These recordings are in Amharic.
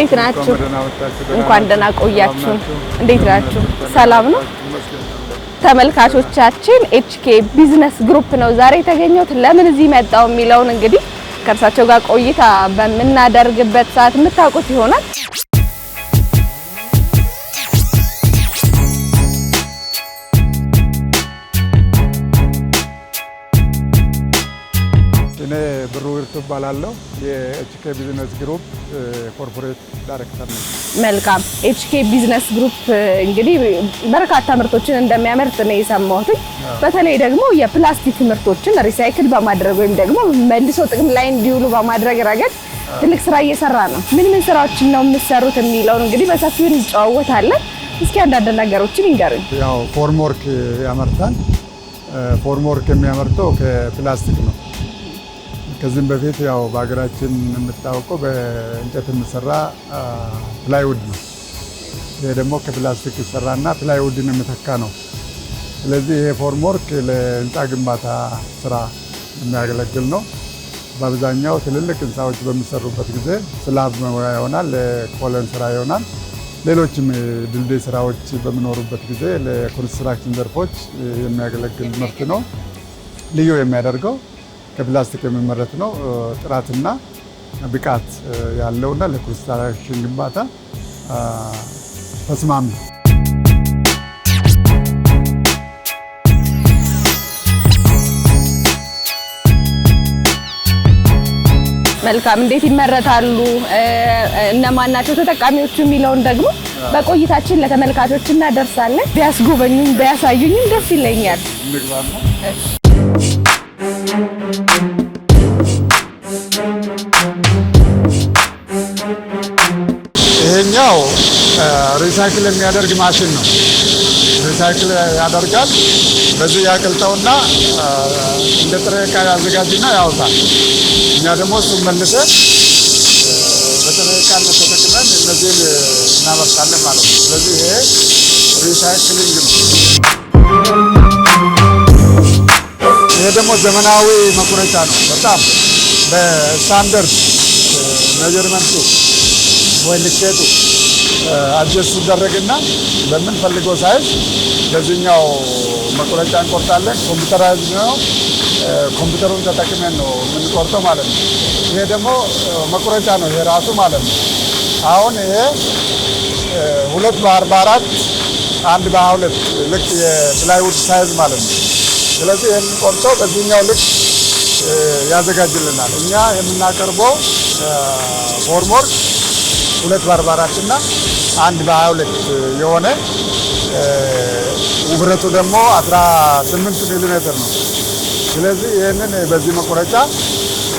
እንዴት ናችሁ? እንኳን ደህና ቆያችሁ። እንዴት ናችሁ? ሰላም ነው። ተመልካቾቻችን ኤችኬ ቢዝነስ ግሩፕ ነው ዛሬ የተገኘሁት። ለምን እዚህ መጣው የሚለውን እንግዲህ ከእርሳቸው ጋር ቆይታ በምናደርግበት ሰዓት የምታውቁት ይሆናል። እኔ ብሩ ይርቱ እባላለሁ። የኤችኬ ቢዝነስ ግሩፕ ኮርፖሬት ዳይሬክተር ነኝ። መልካም። ኤችኬ ቢዝነስ ግሩፕ እንግዲህ በርካታ ምርቶችን እንደሚያመርት ነው የሰማሁት። በተለይ ደግሞ የፕላስቲክ ምርቶችን ሪሳይክል በማድረግ ወይም ደግሞ መልሶ ጥቅም ላይ እንዲውሉ በማድረግ ረገድ ትልቅ ስራ እየሰራ ነው። ምን ምን ስራዎችን ነው የምትሰሩት የሚለውን እንግዲህ በሰፊው እንጨዋወታለን። እስኪ አንዳንድ ነገሮችን ይንገሩኝ። ያው ፎርምወርክ ያመርታል። ፎርምወርክ የሚያመርተው ከፕላስቲክ ነው ከዚህም በፊት ያው በሀገራችን የምታወቀው በእንጨት የሚሰራ ፕላይውድ ነው። ይህ ደግሞ ከፕላስቲክ ይሰራና ፕላይውድን የሚተካ ነው። ስለዚህ ይሄ ፎርም ለህንፃ ግንባታ ስራ የሚያገለግል ነው። በአብዛኛው ትልልቅ ህንፃዎች በሚሰሩበት ጊዜ ስላብ መሙያ ይሆናል፣ ለኮለን ስራ ይሆናል። ሌሎችም ድልድይ ስራዎች በሚኖሩበት ጊዜ ለኮንስትራክሽን ዘርፎች የሚያገለግል ምርት ነው። ልዩ የሚያደርገው ከፕላስቲክ የሚመረት ነው። ጥራትና ብቃት ያለውና ለኮንስትራክሽን ግንባታ ተስማሚ መልካም። እንዴት ይመረታሉ፣ እነማን ናቸው ተጠቃሚዎቹ የሚለውን ደግሞ በቆይታችን ለተመልካቾች እናደርሳለን። ቢያስጎበኙኝ ቢያሳዩኝም ደስ ይለኛል። ይሄኛው ሪሳይክል የሚያደርግ ማሽን ነው። ሪሳይክል ያደርጋል። በዚህ ያቅልጠውና እንደ ጥሬ እቃ ያዘጋጅና ያወጣል። እኛ ደግሞ እሱም መልሰን በጥሬ ዕቃነት ተጠቅመን እነዚህን እናመርታለን ማለት ነው። ስለዚህ ይሄ ሪሳይክሊንግ ነው። ይሄ ደግሞ ዘመናዊ መቁረጫ ነው። በጣም በስታንደርድ ሜጀርመንቱ ወይ ልኬቱ አጀስቱ ደረግና በምንፈልገው ሳይዝ በዚህኛው መቁረጫ እንቆርጣለን። ኮምፒውተራይዝ ነው። ኮምፒውተሩን ተጠቅመን ነው የምንቆርጠው ማለት ነው። ይሄ ደግሞ መቁረጫ ነው ይሄ ራሱ ማለት ነው። አሁን ይሄ ሁለት በአርባ አራት አንድ በሀያ ሁለት ልክ የፕላይውድ ሳይዝ ማለት ነው። ስለዚህ ይህን ጾም በዚህኛው ልክ ያዘጋጅልናል። እኛ የምናቀርበው ፎርምወርክ ሁለት በአርባ እና አንድ በሀያ ሁለት የሆነ ውብረቱ ደግሞ 18 ሚሊ ሜትር ነው። ስለዚህ ይህንን በዚህ መቁረጫ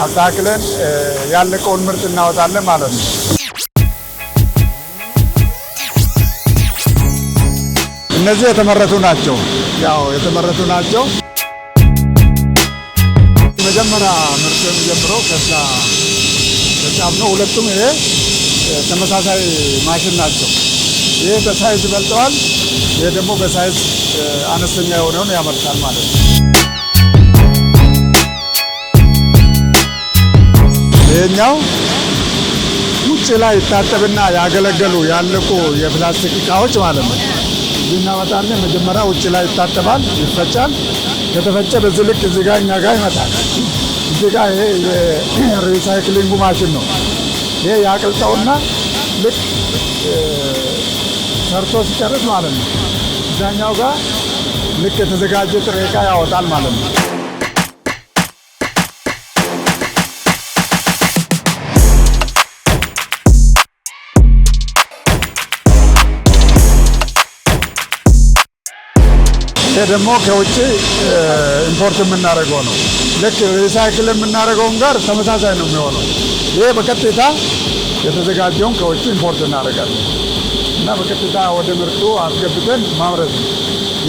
አስተካክለን ያለቀውን ምርት እናወጣለን ማለት ነው። እነዚህ የተመረቱ ናቸው። ያው የተመረቱ ናቸው። የመጀመሪያ ምርት የሚጀምረው ከዛ ከጫፍ ነው። ሁለቱም ይሄ ተመሳሳይ ማሽን ናቸው። ይሄ በሳይዝ ይበልጠዋል፣ ይሄ ደግሞ በሳይዝ አነስተኛ የሆነውን ያመርታል ማለት ነው። ይሄኛው ውጭ ላይ ይታጠብና ያገለገሉ ያለቁ የፕላስቲክ እቃዎች ማለት ነው እናወጣለን። መጀመሪያ ውጭ ላይ ይታጠባል፣ ይፈጫል። ከተፈጨ በዚህ ልክ እዚህ ጋር እኛ ጋር ይመጣል። እዚህ ጋር ይሄ የሪሳይክሊንጉ ማሽን ነው። ይሄ ያቅልጠውና ልክ ሰርቶ ሲጨርስ ማለት ነው እዛኛው ጋር ልክ የተዘጋጀ ጥሬ ዕቃ ያወጣል ማለት ነው። ይሄ ደግሞ ከውጭ ኢምፖርት የምናደርገው ነው። ልክ ሪሳይክል የምናደርገውም ጋር ተመሳሳይ ነው የሚሆነው። ይሄ በቀጥታ የተዘጋጀውን ከውጭ ኢምፖርት እናደርጋለን እና በቀጥታ ወደ ምርቱ አስገብተን ማምረት ነው።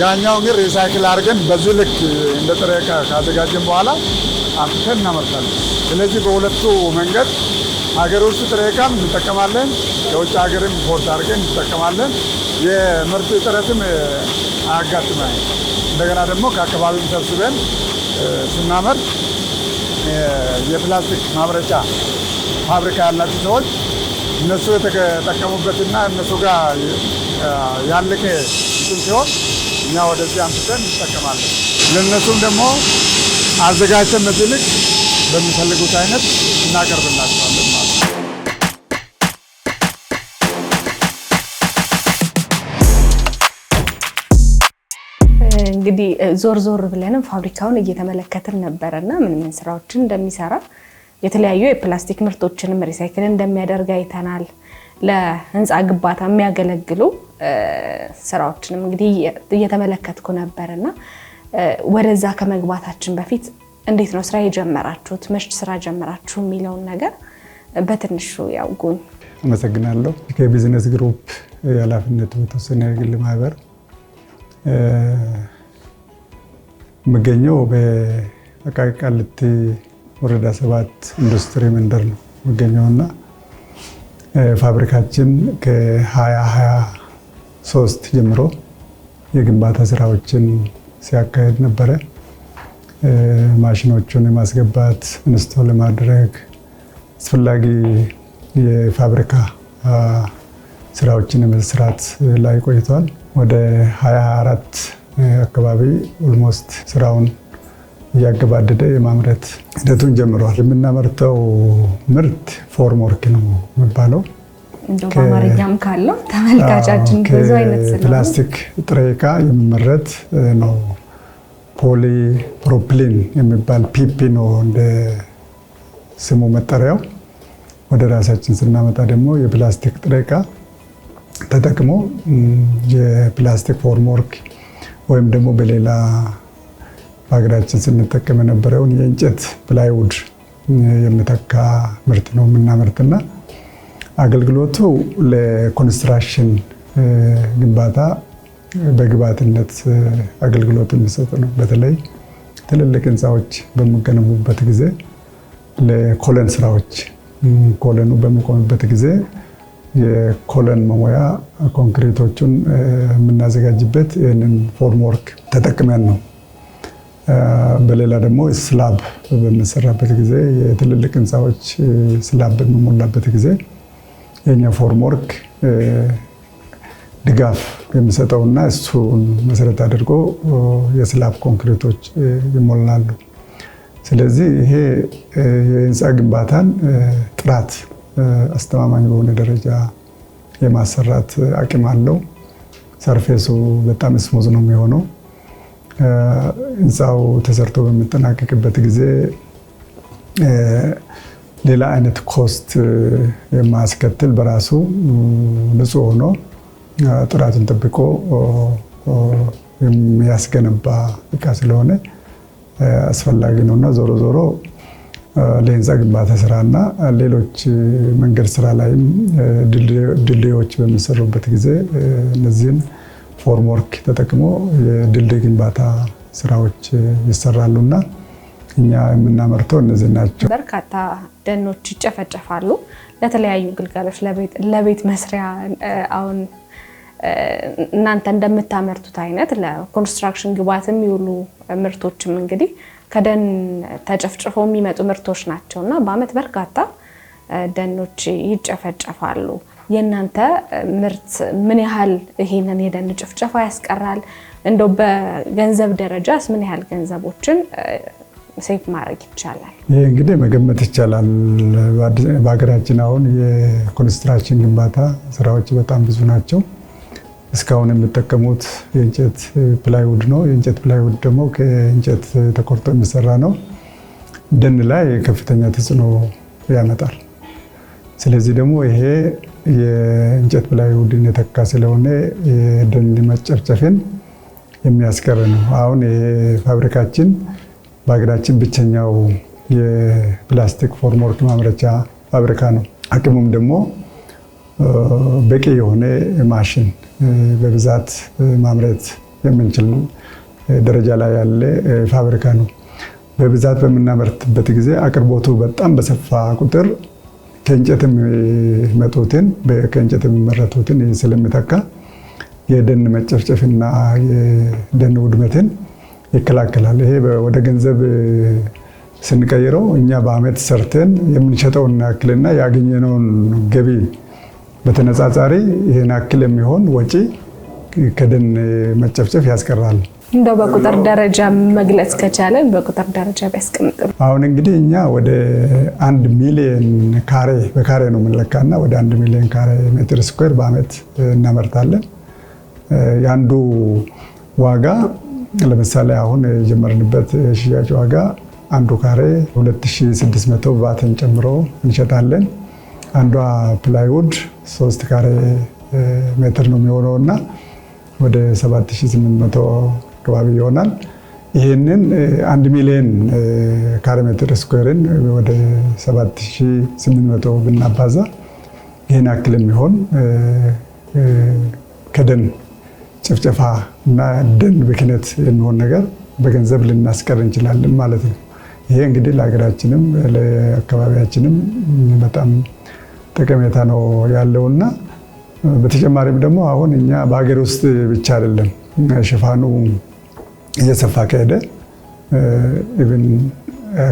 ያኛው ግን ሪሳይክል አድርገን በዚህ ልክ እንደ ጥሬ ዕቃ ካዘጋጀን በኋላ አፍተን እናመርታለን። ስለዚህ በሁለቱ መንገድ ሀገር ውስጥ ጥሬ ዕቃም እንጠቀማለን፣ ከውጭ ሀገርም ኢምፖርት አድርገን እንጠቀማለን። የምርት ጥረትም አያጋጥመን። እንደገና ደግሞ ከአካባቢው ሰብስበን ስናመርት የፕላስቲክ ማምረቻ ፋብሪካ ያላቸው ሰዎች እነሱ የተጠቀሙበትና እነሱ ጋር ያለቀ እንትን ሲሆን እኛ ወደዚህ አንስተን እንጠቀማለን። ለእነሱም ደግሞ አዘጋጅተን በዚህ በሚፈልጉት አይነት እናቀርብላቸዋለን። እንግዲህ ዞር ዞር ብለንም ፋብሪካውን እየተመለከትን ነበረ እና ምን ምን ስራዎችን እንደሚሰራ የተለያዩ የፕላስቲክ ምርቶችንም ሪሳይክል እንደሚያደርግ አይተናል። ለህንፃ ግንባታ የሚያገለግሉ ስራዎችንም እንግዲህ እየተመለከትኩ ነበር እና ወደዛ ከመግባታችን በፊት እንዴት ነው ስራ የጀመራችሁት? መች ስራ ጀመራችሁ የሚለውን ነገር በትንሹ ያውጉን። አመሰግናለሁ። ከቢዝነስ ግሩፕ የኃላፊነቱ የተወሰነ የግል ማህበር የምገኘው በቃሊቲ ወረዳ ሰባት ኢንዱስትሪ መንደር ነው እና ፋብሪካችን ከ2023 ጀምሮ የግንባታ ስራዎችን ሲያካሄድ ነበረ። ማሽኖቹን የማስገባት ኢንስቶል ለማድረግ አስፈላጊ የፋብሪካ ስራዎችን የመስራት ላይ ቆይተዋል። ወደ 24 አካባቢ ኦልሞስት ስራውን እያገባደደ የማምረት ሂደቱን ጀምሯል። የምናመርተው ምርት ፎርምወርክ ነው የሚባለው። በአማርኛም ካለው ተመልካቻችን ብዙ አይነት ፕላስቲክ ጥሬ እቃ የሚመረት ነው። ፖሊ ፕሮፕሊን የሚባል ፒፒ ነው እንደ ስሙ መጠሪያው። ወደ ራሳችን ስናመጣ ደግሞ የፕላስቲክ ጥሬ እቃ ተጠቅሞ የፕላስቲክ ፎርምወርክ። ወይም ደግሞ በሌላ በሀገራችን ስንጠቀም የነበረውን የእንጨት ፕላይውድ የሚተካ ምርት ነው የምናመርትና አገልግሎቱ ለኮንስትራክሽን ግንባታ በግብዓትነት አገልግሎት የሚሰጥ ነው። በተለይ ትልልቅ ህንፃዎች በሚገነቡበት ጊዜ ለኮለን ስራዎች ኮለኑ በሚቆምበት ጊዜ የኮለን መሙያ ኮንክሪቶቹን የምናዘጋጅበት ይህንን ፎርምወርክ ተጠቅመን ነው። በሌላ ደግሞ ስላብ በምንሰራበት ጊዜ የትልልቅ ህንፃዎች ስላብ በምሞላበት ጊዜ የኛ ፎርምወርክ ድጋፍ የሚሰጠውና እሱን መሰረት አድርጎ የስላብ ኮንክሪቶች ይሞላሉ። ስለዚህ ይሄ የህንፃ ግንባታን ጥራት አስተማማኝ በሆነ ደረጃ የማሰራት አቅም አለው። ሰርፌሱ በጣም ስሙዝ ነው የሚሆነው። ህንፃው ተሰርቶ በሚጠናቀቅበት ጊዜ ሌላ አይነት ኮስት የማያስከትል በራሱ ንጹህ ሆኖ ጥራቱን ጠብቆ የሚያስገነባ እቃ ስለሆነ አስፈላጊ ነው እና ዞሮ ዞሮ ለህንፃ ግንባታ እና ሌሎች መንገድ ስራ ላይም ድልድዮች በሚሰሩበት ጊዜ እነዚህን ፎርምወርክ ተጠቅሞ የድልድይ ግንባታ ስራዎች ይሰራሉና እኛ የምናመርተው እነዚህ ናቸው። በርካታ ደኖች ይጨፈጨፋሉ ለተለያዩ ግልጋሎች፣ ለቤት መስሪያ አሁን እናንተ እንደምታመርቱት አይነት ለኮንስትራክሽን ግብዓት የሚውሉ ምርቶችም እንግዲህ ከደን ተጨፍጭፎ የሚመጡ ምርቶች ናቸው እና በአመት በርካታ ደኖች ይጨፈጨፋሉ። የእናንተ ምርት ምን ያህል ይሄንን የደን ጭፍጨፋ ያስቀራል? እንደው በገንዘብ ደረጃስ ምን ያህል ገንዘቦችን ሴፍ ማድረግ ይቻላል? ይህ እንግዲህ መገመት ይቻላል። በሀገራችን አሁን የኮንስትራክሽን ግንባታ ስራዎች በጣም ብዙ ናቸው። እስካሁን የምጠቀሙት የእንጨት ፕላይውድ ነው። የእንጨት ፕላይውድ ደግሞ ከእንጨት ተቆርጦ የሚሰራ ነው። ደን ላይ ከፍተኛ ተጽዕኖ ያመጣል። ስለዚህ ደግሞ ይሄ የእንጨት ፕላይውድን የተካ ስለሆነ የደን መጨፍጨፍን የሚያስቀር ነው። አሁን ይሄ ፋብሪካችን በሀገራችን ብቸኛው የፕላስቲክ ፎርምወርክ ማምረቻ ፋብሪካ ነው። አቅሙም ደግሞ በቂ የሆነ ማሽን በብዛት ማምረት የምንችል ደረጃ ላይ ያለ ፋብሪካ ነው። በብዛት በምናመርትበት ጊዜ አቅርቦቱ በጣም በሰፋ ቁጥር ከእንጨት የሚመጡትን ከእንጨት የሚመረቱትን ስለሚተካ የደን መጨፍጨፍና የደን ውድመትን ይከላከላል። ይሄ ወደ ገንዘብ ስንቀይረው እኛ በአመት ሰርተን የምንሸጠውን ያክልና ያገኘነውን ገቢ በተነጻጻሪ ይህን አክል የሚሆን ወጪ ከደን መጨፍጨፍ ያስቀራል። እንደው በቁጥር ደረጃ መግለጽ ከቻለን በቁጥር ደረጃ ቢያስቀምጥ አሁን እንግዲህ እኛ ወደ አንድ ሚሊዮን ካሬ በካሬ ነው የምንለካና ወደ አንድ ሚሊዮን ካሬ ሜትር ስኩዌር በአመት እናመርታለን። የአንዱ ዋጋ ለምሳሌ አሁን የጀመርንበት ሽያጭ ዋጋ አንዱ ካሬ 2600 ባትን ጨምሮ እንሸጣለን። አንዷ ፕላይውድ ሶስት ካሬ ሜትር ነው የሚሆነው እና ወደ 7800 አካባቢ ይሆናል። ይህንን አንድ ሚሊዮን ካሬ ሜትር ስኩዌርን ወደ 7800 ብናባዛ ይህን ያክል የሚሆን ከደን ጭፍጨፋ እና ደን ብክነት የሚሆን ነገር በገንዘብ ልናስቀር እንችላለን ማለት ነው። ይሄ እንግዲህ ለሀገራችንም ለአካባቢያችንም በጣም ጠቀሜታ ነው ያለውና በተጨማሪም ደግሞ አሁን እኛ በሀገር ውስጥ ብቻ አይደለም ሽፋኑ እየሰፋ ከሄደ ኢቭን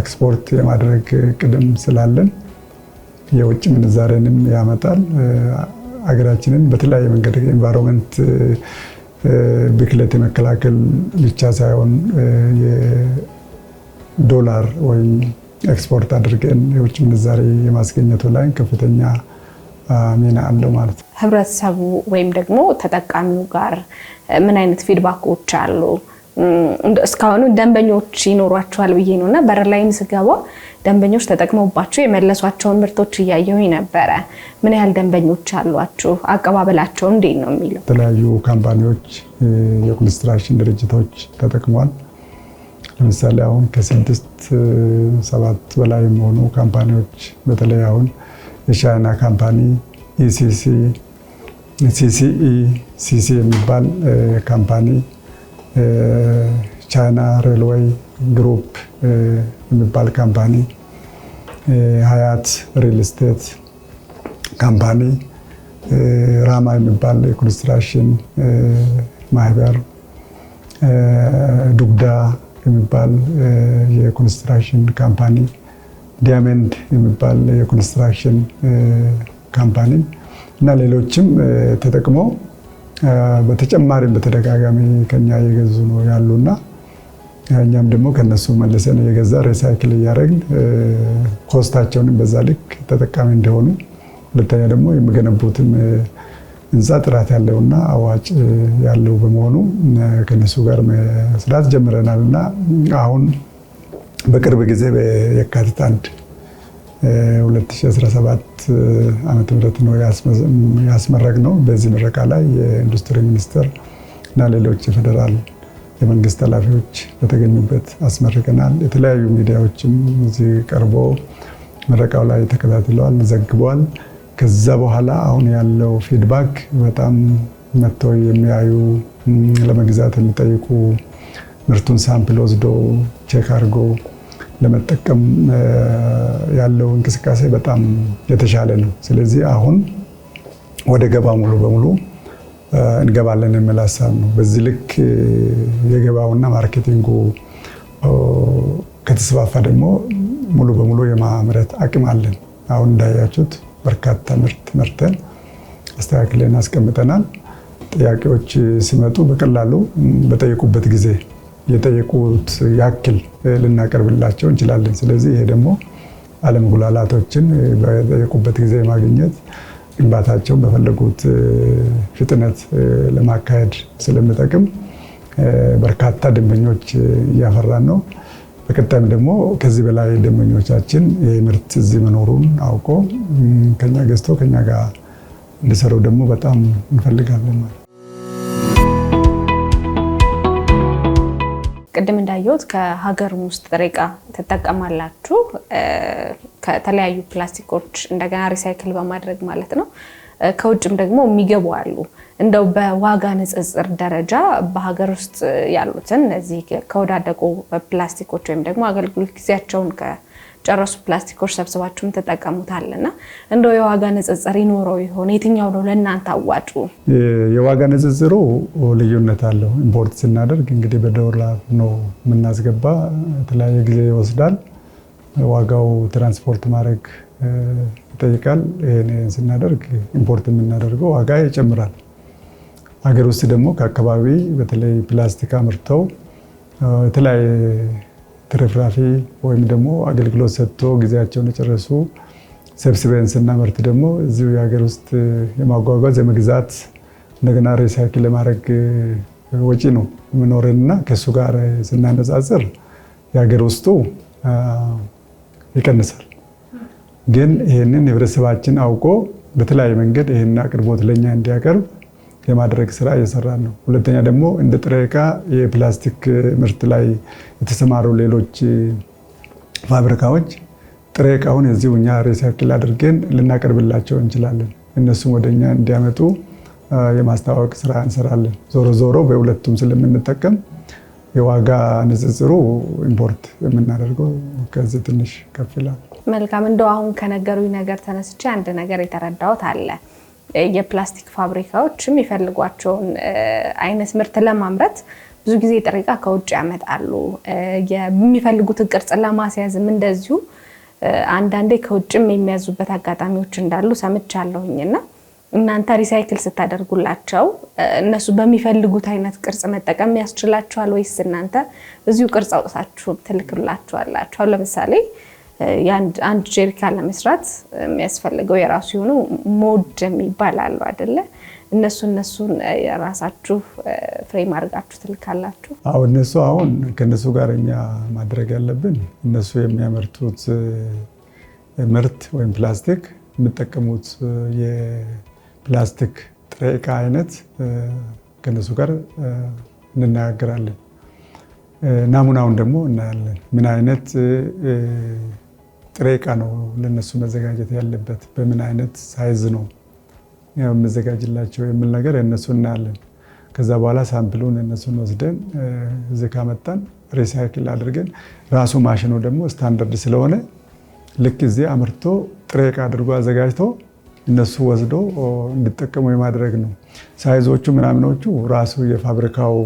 ኤክስፖርት የማድረግ ቅድም ስላለን የውጭ ምንዛሬንም ያመጣል። ሀገራችንን በተለያየ መንገድ ኤንቫይሮንመንት ብክለት የመከላከል ብቻ ሳይሆን ዶላር ወይ ኤክስፖርት አድርገን የውጭ ምንዛሬ የማስገኘቱ ላይ ከፍተኛ ሚና አለው ማለት ነው። ህብረተሰቡ ወይም ደግሞ ተጠቃሚው ጋር ምን አይነት ፊድባኮች አሉ? እስካሁኑ ደንበኞች ይኖሯቸዋል ብዬ ነው እና በር ላይም ስገባ ደንበኞች ተጠቅመውባቸው የመለሷቸውን ምርቶች እያየሁኝ ነበረ። ምን ያህል ደንበኞች አሏችሁ? አቀባበላቸው እንዴት ነው የሚለው? የተለያዩ ካምፓኒዎች፣ የኮንስትራክሽን ድርጅቶች ተጠቅሟል። ለምሳሌ አሁን ከስድስት ሰባት በላይ የሚሆኑ ካምፓኒዎች በተለይ አሁን የቻይና ካምፓኒ ኢሲሲ ሲሲኢ ሲሲ የሚባል ካምፓኒ ቻይና ሬልዌይ ግሩፕ የሚባል ካምፓኒ፣ ሀያት ሪል ስቴት ካምፓኒ፣ ራማ የሚባል የኮንስትራክሽን ማህበር፣ ዱጉዳ። የሚባል የኮንስትራክሽን ካምፓኒ፣ ዲያመንድ የሚባል የኮንስትራክሽን ካምፓኒ እና ሌሎችም ተጠቅሞ በተጨማሪም በተደጋጋሚ ከኛ እየገዙ ነው ያሉና እኛም ደግሞ ከነሱ መልሰን እየገዛ ሪሳይክል እያደረግን ኮስታቸውንም በዛ ልክ ተጠቃሚ እንደሆኑ ሁለተኛ ደግሞ የሚገነቡትም ህንፃ ጥራት ያለውና አዋጭ ያለው በመሆኑ ከነሱ ጋር መስራት ጀምረናል እና አሁን በቅርብ ጊዜ የካቲት አንድ 2017 ዓመተ ምህረት ነው ያስመረቅ ነው። በዚህ ምረቃ ላይ የኢንዱስትሪ ሚኒስቴር እና ሌሎች የፌዴራል የመንግስት ኃላፊዎች በተገኙበት አስመርቀናል። የተለያዩ ሚዲያዎችም እዚህ ቀርቦ ምረቃው ላይ ተከታትለዋል፣ ዘግበዋል። ከዛ በኋላ አሁን ያለው ፊድባክ በጣም መጥተው የሚያዩ ለመግዛት የሚጠይቁ ምርቱን ሳምፕል ወስዶ ቼክ አድርጎ ለመጠቀም ያለው እንቅስቃሴ በጣም የተሻለ ነው። ስለዚህ አሁን ወደ ገባ ሙሉ በሙሉ እንገባለን የሚል ሀሳብ ነው። በዚህ ልክ የገባውና ማርኬቲንጉ ከተስፋፋ ደግሞ ሙሉ በሙሉ የማምረት አቅም አለን። አሁን እንዳያችሁት በርካታ ምርት መርተን አስተካክለን አስቀምጠናል። ጥያቄዎች ሲመጡ በቀላሉ በጠየቁበት ጊዜ የጠየቁት ያክል ልናቀርብላቸው እንችላለን። ስለዚህ ይሄ ደግሞ አለመጉላላቶችን በጠየቁበት ጊዜ ማግኘት ግንባታቸውን በፈለጉት ፍጥነት ለማካሄድ ስለሚጠቅም በርካታ ደንበኞች እያፈራን ነው። በቀጣይም ደግሞ ከዚህ በላይ ደንበኞቻችን ይህ ምርት እዚህ መኖሩን አውቆ ከኛ ገዝቶ ከኛ ጋር እንዲሰሩ ደግሞ በጣም እንፈልጋለን ማለት ቅድም እንዳየሁት ከሀገር ውስጥ ጥሬ ትጠቀማላችሁ ከተለያዩ ፕላስቲኮች እንደገና ሪሳይክል በማድረግ ማለት ነው። ከውጭም ደግሞ የሚገቡ አሉ። እንደው በዋጋ ንጽጽር ደረጃ በሀገር ውስጥ ያሉትን እዚህ ከወዳደቁ ፕላስቲኮች ወይም ደግሞ አገልግሎት ጊዜያቸውን ከጨረሱ ፕላስቲኮች ሰብስባችሁም ትጠቀሙታል እንደው የዋጋ ንጽጽር ይኖረው ይሆን? የትኛው ነው ለእናንተ አዋጩ? የዋጋ ንጽጽሩ ልዩነት አለው። ኢምፖርት ስናደርግ እንግዲህ በዶላር ነው የምናስገባ፣ የተለያየ ጊዜ ይወስዳል። ዋጋው ትራንስፖርት ማድረግ ይጠይቃል። ይህን ስናደርግ ኢምፖርት የምናደርገው ዋጋ ይጨምራል። ሀገር ውስጥ ደግሞ ከአካባቢ በተለይ ፕላስቲክ አምርተው የተለያየ ትርፍራፊ ወይም ደግሞ አገልግሎት ሰጥቶ ጊዜያቸውን የጨረሱ ሰብስበን ስናመርት ደግሞ እዚሁ የሀገር ውስጥ የማጓጓዝ የመግዛት እንደገና ሪሳይክል ለማድረግ ወጪ ነው የምኖረን እና ከእሱ ጋር ስናነጻጽር የሀገር ውስጡ ይቀንሳል። ግን ይህንን ህብረተሰባችን አውቆ በተለያየ መንገድ ይህንን አቅርቦት ለእኛ እንዲያቀርብ የማድረግ ስራ እየሰራ ነው። ሁለተኛ ደግሞ እንደ ጥሬ እቃ የፕላስቲክ ምርት ላይ የተሰማሩ ሌሎች ፋብሪካዎች ጥሬ እቃውን እዚሁ እኛ ሪሳይክል አድርገን ልናቀርብላቸው እንችላለን። እነሱም ወደ እኛ እንዲያመጡ የማስተዋወቅ ስራ እንሰራለን። ዞሮ ዞሮ በሁለቱም ስለምንጠቀም የዋጋ ንጽጽሩ ኢምፖርት የምናደርገው ከዚህ ትንሽ ከፍ ይላል። መልካም እንደው አሁን ከነገሩኝ ነገር ተነስቼ አንድ ነገር የተረዳሁት አለ። የፕላስቲክ ፋብሪካዎች የሚፈልጓቸውን አይነት ምርት ለማምረት ብዙ ጊዜ ጥሬ ዕቃ ከውጭ ያመጣሉ። የሚፈልጉትን ቅርጽ ለማስያዝም እንደዚሁ አንዳንዴ ከውጭም የሚያዙበት አጋጣሚዎች እንዳሉ ሰምቻለሁኝ እና እናንተ ሪሳይክል ስታደርጉላቸው እነሱ በሚፈልጉት አይነት ቅርጽ መጠቀም ያስችላቸዋል ወይስ እናንተ እዚሁ ቅርጽ አውጥታችሁ ትልክላቸዋላችሁ? ለምሳሌ አንድ ጀሪካን ለመስራት የሚያስፈልገው የራሱ የሆኑ ሞድ የሚባል አሉ አይደለ? እነሱ እነሱን የራሳችሁ ፍሬም አድርጋችሁ ትልካላችሁ? አዎ እነሱ አሁን ከእነሱ ጋር እኛ ማድረግ ያለብን እነሱ የሚያመርቱት ምርት ወይም ፕላስቲክ የምጠቀሙት የፕላስቲክ ጥሬ እቃ አይነት ከእነሱ ጋር እንነጋገራለን። ናሙናውን ደግሞ እናያለን ምን አይነት ጥሬ ነው ለነሱ መዘጋጀት ያለበት። በምን አይነት ሳይዝ ነው የምዘጋጅላቸው የሚል ነገር እነሱ እናያለን። ከዛ በኋላ ሳምፕሉን እነሱን ወስደን እዚህ ካመጣን ሪሳይክል አድርገን ራሱ ማሽኑ ደግሞ ስታንዳርድ ስለሆነ ልክ እዚህ አምርቶ ጥሬ አድርጎ አዘጋጅቶ እነሱ ወስዶ እንዲጠቀሙ የማድረግ ነው። ሳይዞቹ ምናምኖቹ ራሱ የፋብሪካው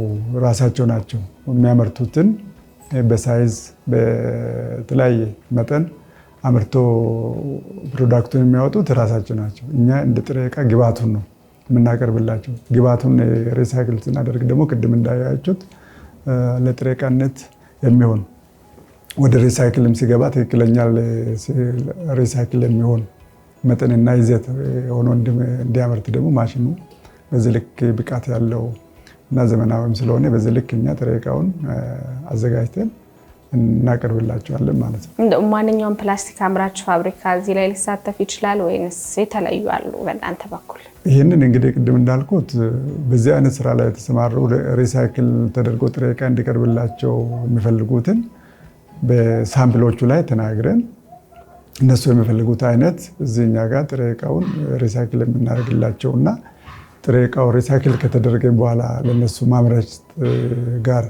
ራሳቸው ናቸው የሚያመርቱትን በሳይዝ በተለያየ መጠን አምርቶ ፕሮዳክቱን የሚያወጡት ራሳቸው ናቸው። እኛ እንደ ጥሬ እቃ ግባቱን ነው የምናቀርብላቸው። ግባቱን ሪሳይክል ስናደርግ ደግሞ ቅድም እንዳያችሁት ለጥሬ እቃነት የሚሆን ወደ ሪሳይክልም ሲገባ ትክክለኛ ሪሳይክል የሚሆን መጠንና ይዘት ሆኖ እንዲያመርት ደግሞ ማሽኑ በዚህ ልክ ብቃት ያለው እና ዘመናዊም ስለሆነ በዚህ ልክ እኛ ጥሬ እቃውን አዘጋጅተን እናቀርብላቸዋለን ማለት ነው። ማንኛውም ፕላስቲክ አምራች ፋብሪካ እዚህ ላይ ሊሳተፍ ይችላል ወይንስ የተለዩ አሉ? በእናንተ በኩል ይህንን እንግዲህ ቅድም እንዳልኩት በዚህ አይነት ስራ ላይ የተሰማሩ ሪሳይክል ተደርጎ ጥሬ ዕቃ እንዲቀርብላቸው የሚፈልጉትን በሳምፕሎቹ ላይ ተናግረን እነሱ የሚፈልጉት አይነት እዚህ እኛ ጋር ጥሬ ዕቃውን ሪሳይክል የምናደርግላቸው እና ጥሬ ዕቃው ሪሳይክል ከተደረገ በኋላ ለነሱ ማምረት ጋር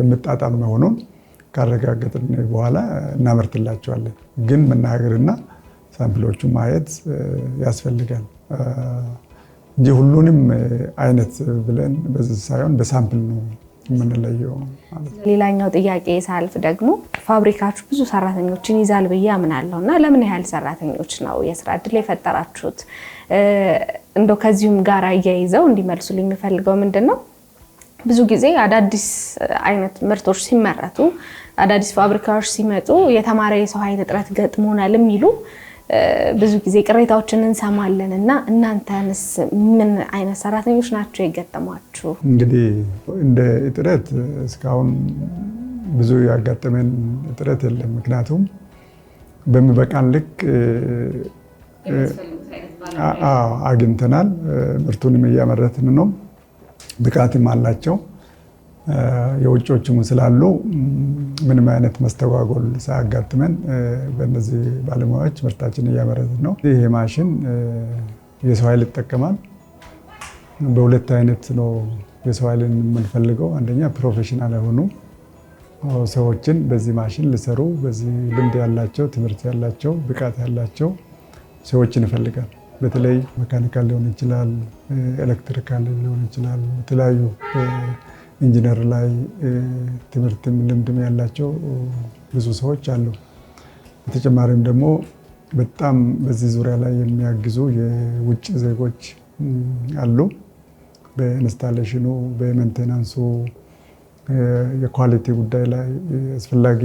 የምጣጣም መሆኑን ካረጋገጥን በኋላ እናመርትላቸዋለን። ግን መናገርና ሳምፕሎቹ ማየት ያስፈልጋል እንጂ ሁሉንም አይነት ብለን በዚህ ሳይሆን በሳምፕል ነው የምንለየው። ሌላኛው ጥያቄ ሳልፍ ደግሞ ፋብሪካችሁ ብዙ ሰራተኞችን ይዛል ብዬ አምናለሁ እና ለምን ያህል ሰራተኞች ነው የስራ እድል የፈጠራችሁት? እንደው ከዚሁም ጋር እያይዘው እንዲመልሱልኝ የምፈልገው ምንድን ነው ብዙ ጊዜ አዳዲስ አይነት ምርቶች ሲመረቱ አዳዲስ ፋብሪካዎች ሲመጡ የተማረ የሰው ኃይል እጥረት ገጥሞናል የሚሉ ብዙ ጊዜ ቅሬታዎችን እንሰማለን እና እናንተንስ ምን አይነት ሰራተኞች ናቸው የገጠሟችሁ? እንግዲህ እንደ እጥረት እስካሁን ብዙ ያጋጠመን እጥረት የለም። ምክንያቱም በሚበቃን ልክ አግኝተናል። ምርቱንም እያመረትን ነው። ብቃትም አላቸው። የውጮችም ስላሉ ምንም አይነት መስተጓጎል ሳያጋጥመን በእነዚህ ባለሙያዎች ምርታችን እያመረትን ነው። ይህ ማሽን የሰው ኃይል ይጠቀማል። በሁለት አይነት ነው የሰው ኃይልን የምንፈልገው። አንደኛ ፕሮፌሽናል የሆኑ ሰዎችን በዚህ ማሽን ሊሰሩ በዚህ ልምድ ያላቸው፣ ትምህርት ያላቸው፣ ብቃት ያላቸው ሰዎችን ይፈልጋል። በተለይ መካኒካል ሊሆን ይችላል፣ ኤሌክትሪካል ሊሆን ይችላል፣ የተለያዩ ኢንጂነር ላይ ትምህርትም ልምድም ያላቸው ብዙ ሰዎች አሉ። በተጨማሪም ደግሞ በጣም በዚህ ዙሪያ ላይ የሚያግዙ የውጭ ዜጎች አሉ። በኢንስታሌሽኑ፣ በሜንቴናንሱ፣ የኳሊቲ ጉዳይ ላይ አስፈላጊ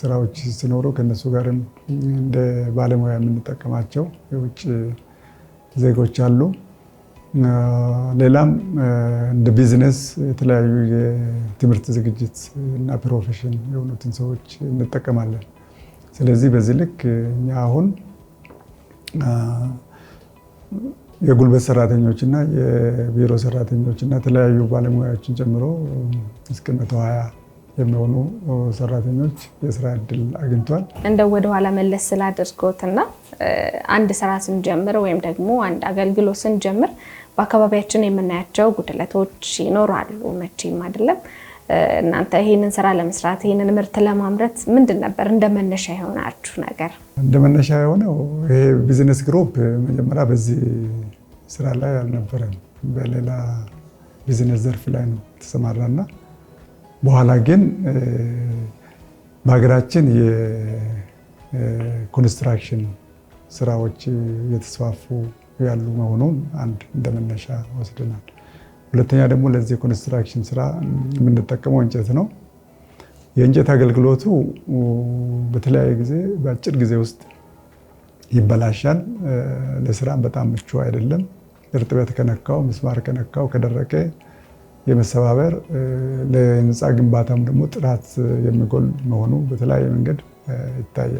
ስራዎች ሲኖሩ ከነሱ ጋርም እንደ ባለሙያ የምንጠቀማቸው የውጭ ዜጎች አሉ። ሌላም እንደ ቢዝነስ የተለያዩ የትምህርት ዝግጅት እና ፕሮፌሽን የሆኑትን ሰዎች እንጠቀማለን። ስለዚህ በዚህ ልክ እኛ አሁን የጉልበት ሰራተኞች እና የቢሮ ሰራተኞች እና የተለያዩ ባለሙያዎችን ጨምሮ እስከ መቶ ሀያ የሚሆኑ ሰራተኞች የስራ እድል አግኝቷል። እንደው ወደኋላ መለስ ስላደርጎትና አንድ ስራ ስንጀምር ወይም ደግሞ አንድ አገልግሎት ስንጀምር በአካባቢያችን የምናያቸው ጉድለቶች ይኖራሉ መቼም አይደለም። እናንተ ይህንን ስራ ለመስራት ይህንን ምርት ለማምረት ምንድን ነበር እንደ መነሻ የሆናችሁ ነገር? እንደ መነሻ የሆነው ይሄ ቢዝነስ ግሩፕ መጀመሪያ በዚህ ስራ ላይ አልነበረም። በሌላ ቢዝነስ ዘርፍ ላይ ነው ተሰማራና በኋላ ግን በሀገራችን የኮንስትራክሽን ስራዎች እየተስፋፉ ያሉ መሆኑን አንድ እንደመነሻ ወስደናል። ሁለተኛ ደግሞ ለዚህ የኮንስትራክሽን ስራ የምንጠቀመው እንጨት ነው። የእንጨት አገልግሎቱ በተለያየ ጊዜ በአጭር ጊዜ ውስጥ ይበላሻል። ለስራም በጣም ምቹ አይደለም። እርጥበት ከነካው፣ ምስማር ከነካው፣ ከደረቀ የመሰባበር ለህንፃ ግንባታም ደግሞ ጥራት የሚጎል መሆኑ በተለያየ መንገድ ይታያል።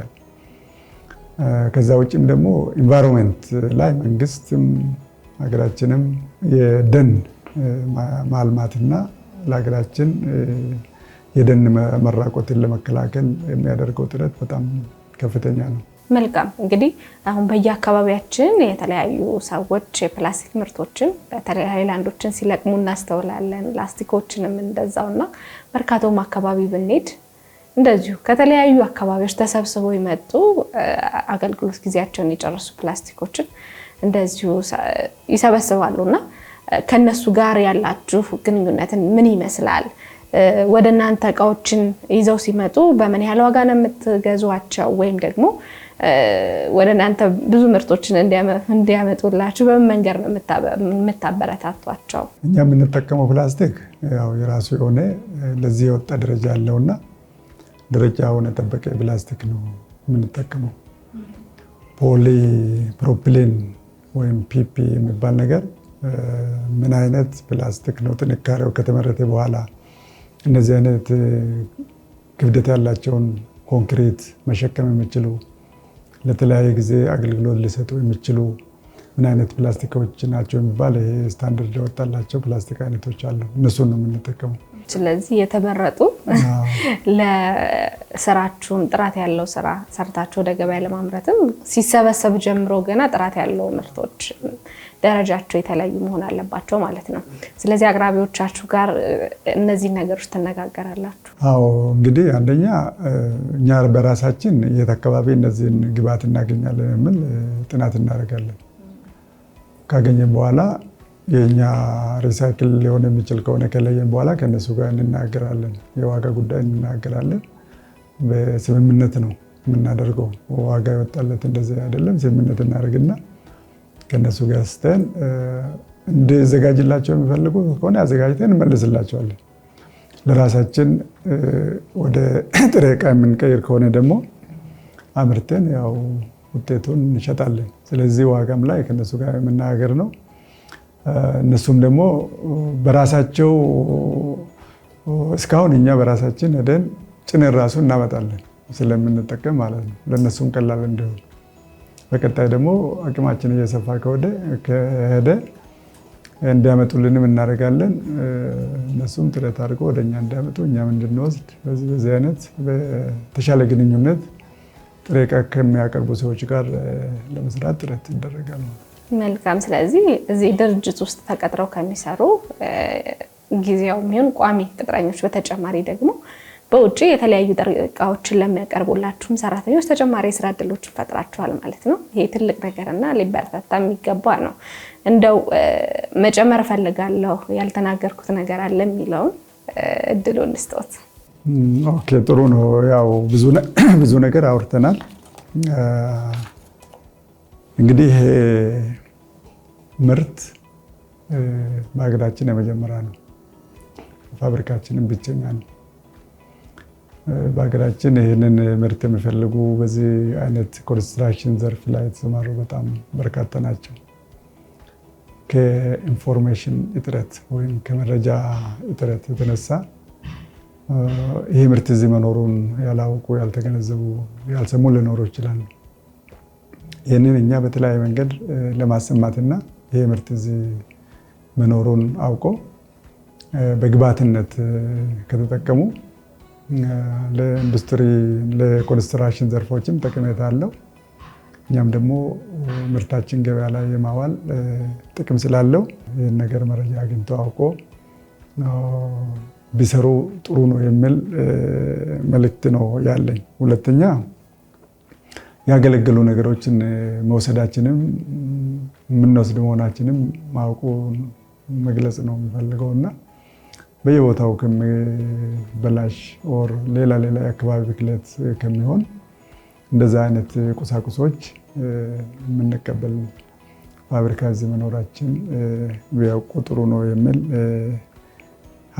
ከዛ ውጭም ደግሞ ኢንቫይሮንመንት ላይ መንግስትም ሀገራችንም የደን ማልማትና ለሀገራችን የደን መራቆትን ለመከላከል የሚያደርገው ጥረት በጣም ከፍተኛ ነው። መልካም እንግዲህ አሁን በየአካባቢያችን የተለያዩ ሰዎች የፕላስቲክ ምርቶችን በተለይ ሃይላንዶችን ሲለቅሙ እናስተውላለን። ላስቲኮችንም እንደዛው እና መርካቶም አካባቢ ብንሄድ እንደዚሁ ከተለያዩ አካባቢዎች ተሰብስበው የመጡ አገልግሎት ጊዜያቸውን የጨረሱ ፕላስቲኮችን እንደዚሁ ይሰበስባሉ እና ከእነሱ ጋር ያላችሁ ግንኙነትን ምን ይመስላል? ወደ እናንተ እቃዎችን ይዘው ሲመጡ በምን ያህል ዋጋ ነው የምትገዟቸው? ወይም ደግሞ ወደ እናንተ ብዙ ምርቶችን እንዲያመጡላችሁ በምን መንገድ ነው የምታበረታቷቸው? እኛ የምንጠቀመው ፕላስቲክ ያው የራሱ የሆነ ለዚህ የወጣ ደረጃ ያለውና ደረጃውን የጠበቀ ፕላስቲክ ነው የምንጠቀመው። ፖሊ ፕሮፕሊን ወይም ፒፒ የሚባል ነገር ምን አይነት ፕላስቲክ ነው? ጥንካሬው ከተመረተ በኋላ እነዚህ አይነት ክብደት ያላቸውን ኮንክሪት መሸከም የሚችሉ ለተለያየ ጊዜ አገልግሎት ሊሰጡ የሚችሉ ምን አይነት ፕላስቲኮች ናቸው የሚባል ስታንዳርድ ያወጣላቸው ፕላስቲክ አይነቶች አሉ። እነሱን ነው የምንጠቀመው። ስለዚህ የተመረጡ ለስራችሁም ጥራት ያለው ስራ ሰርታችሁ ወደ ገበያ ለማምረትም ሲሰበሰብ ጀምሮ ገና ጥራት ያለው ምርቶች ደረጃቸው የተለያዩ መሆን አለባቸው ማለት ነው። ስለዚህ አቅራቢዎቻችሁ ጋር እነዚህ ነገሮች ትነጋገራላችሁ? አዎ እንግዲህ አንደኛ እኛ በራሳችን የት አካባቢ እነዚህን ግብዓት እናገኛለን የሚል ጥናት እናደርጋለን። ካገኘን በኋላ የእኛ ሪሳይክል ሊሆን የሚችል ከሆነ ከለየን በኋላ ከእነሱ ጋር እንናገራለን። የዋጋ ጉዳይ እንናገራለን። በስምምነት ነው የምናደርገው። ዋጋ የወጣለት እንደዚህ አይደለም፣ ስምምነት እናደርግና ከእነሱ ገዝተን እንዲዘጋጅላቸው የሚፈልጉ ከሆነ አዘጋጅተን እንመልስላቸዋለን። ለራሳችን ወደ ጥሬ ዕቃ የምንቀይር ከሆነ ደግሞ አምርተን ያው ውጤቱን እንሸጣለን። ስለዚህ ዋጋም ላይ ከነሱ ጋር የምናገር ነው። እነሱም ደግሞ በራሳቸው እስካሁን እኛ በራሳችን ሄደን ጭነን ራሱ እናመጣለን ስለምንጠቀም ማለት ነው። ለእነሱም ቀላል እንዲሆን በቀጣይ ደግሞ አቅማችን እየሰፋ ከወደ ከሄደ እንዲያመጡልንም እናደርጋለን። እነሱም ጥረት አድርጎ ወደ እኛ እንዲያመጡ እኛም እንድንወስድ በዚህ በዚህ አይነት በተሻለ ግንኙነት ጥሬ ዕቃ ከሚያቀርቡ ሰዎች ጋር ለመስራት ጥረት ይደረጋል። መልካም። ስለዚህ እዚህ ድርጅት ውስጥ ተቀጥረው ከሚሰሩ ጊዜያው የሚሆን ቋሚ ቅጥረኞች በተጨማሪ ደግሞ በውጭ የተለያዩ እቃዎችን ለሚያቀርቡላችሁም ሰራተኞች ተጨማሪ የስራ እድሎች ይፈጥራችኋል ማለት ነው። ይሄ ትልቅ ነገርና ሊበረታታ የሚገባ ነው። እንደው መጨመር እፈልጋለሁ ያልተናገርኩት ነገር አለ የሚለውን እድሉን እንስጠት። ኦኬ፣ ጥሩ ነው። ያው ብዙ ነገር አውርተናል። እንግዲህ ምርት በሀገራችን የመጀመሪያ ነው። ፋብሪካችንም ብቸኛ ነው። በሀገራችን ይህንን ምርት የሚፈልጉ በዚህ አይነት ኮንስትራክሽን ዘርፍ ላይ የተሰማሩ በጣም በርካታ ናቸው። ከኢንፎርሜሽን እጥረት ወይም ከመረጃ እጥረት የተነሳ ይህ ምርት እዚህ መኖሩን ያላወቁ፣ ያልተገነዘቡ፣ ያልሰሙ ሊኖሩ ይችላሉ። ይህንን እኛ በተለያየ መንገድ ለማሰማትና ይህ ምርት እዚህ መኖሩን አውቆ በግብዓትነት ከተጠቀሙ ለኢንዱስትሪ ለኮንስትራክሽን ዘርፎችም ጠቀሜታ አለው። እኛም ደግሞ ምርታችን ገበያ ላይ የማዋል ጥቅም ስላለው ይህን ነገር መረጃ አግኝቶ አውቆ ቢሰሩ ጥሩ ነው የሚል መልእክት ነው ያለኝ። ሁለተኛ ያገለገሉ ነገሮችን መውሰዳችንም የምንወስድ መሆናችንም ማወቁ መግለጽ ነው የሚፈልገው እና በየቦታው ከሚበላሽ ኦር ሌላ ሌላ የአካባቢ ብክለት ከሚሆን እንደዛ አይነት ቁሳቁሶች የምንቀበል ፋብሪካ እዚህ መኖራችን ቢያውቁ ጥሩ ነው የሚል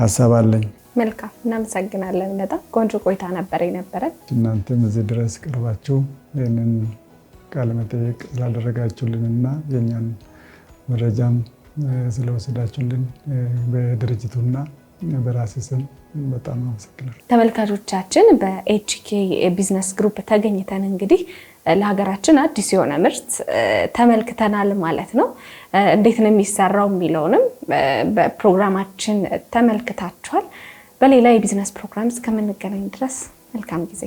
ሀሳብ አለኝ። መልካም እናመሰግናለን። በጣም ቆንጆ ቆይታ ነበር የነበረን። እናንተም እዚህ ድረስ ቀርባችሁ ይህንን ቃለ መጠየቅ ስላደረጋችሁልን እና የእኛን መረጃም ስለወሰዳችሁልን በድርጅቱና በራሴ ስም በጣም አመሰግናለሁ። ተመልካቾቻችን በኤችኬ ቢዝነስ ግሩፕ ተገኝተን እንግዲህ ለሀገራችን አዲስ የሆነ ምርት ተመልክተናል ማለት ነው። እንዴት ነው የሚሰራው የሚለውንም በፕሮግራማችን ተመልክታችኋል። በሌላ የቢዝነስ ፕሮግራም እስከምንገናኝ ድረስ መልካም ጊዜ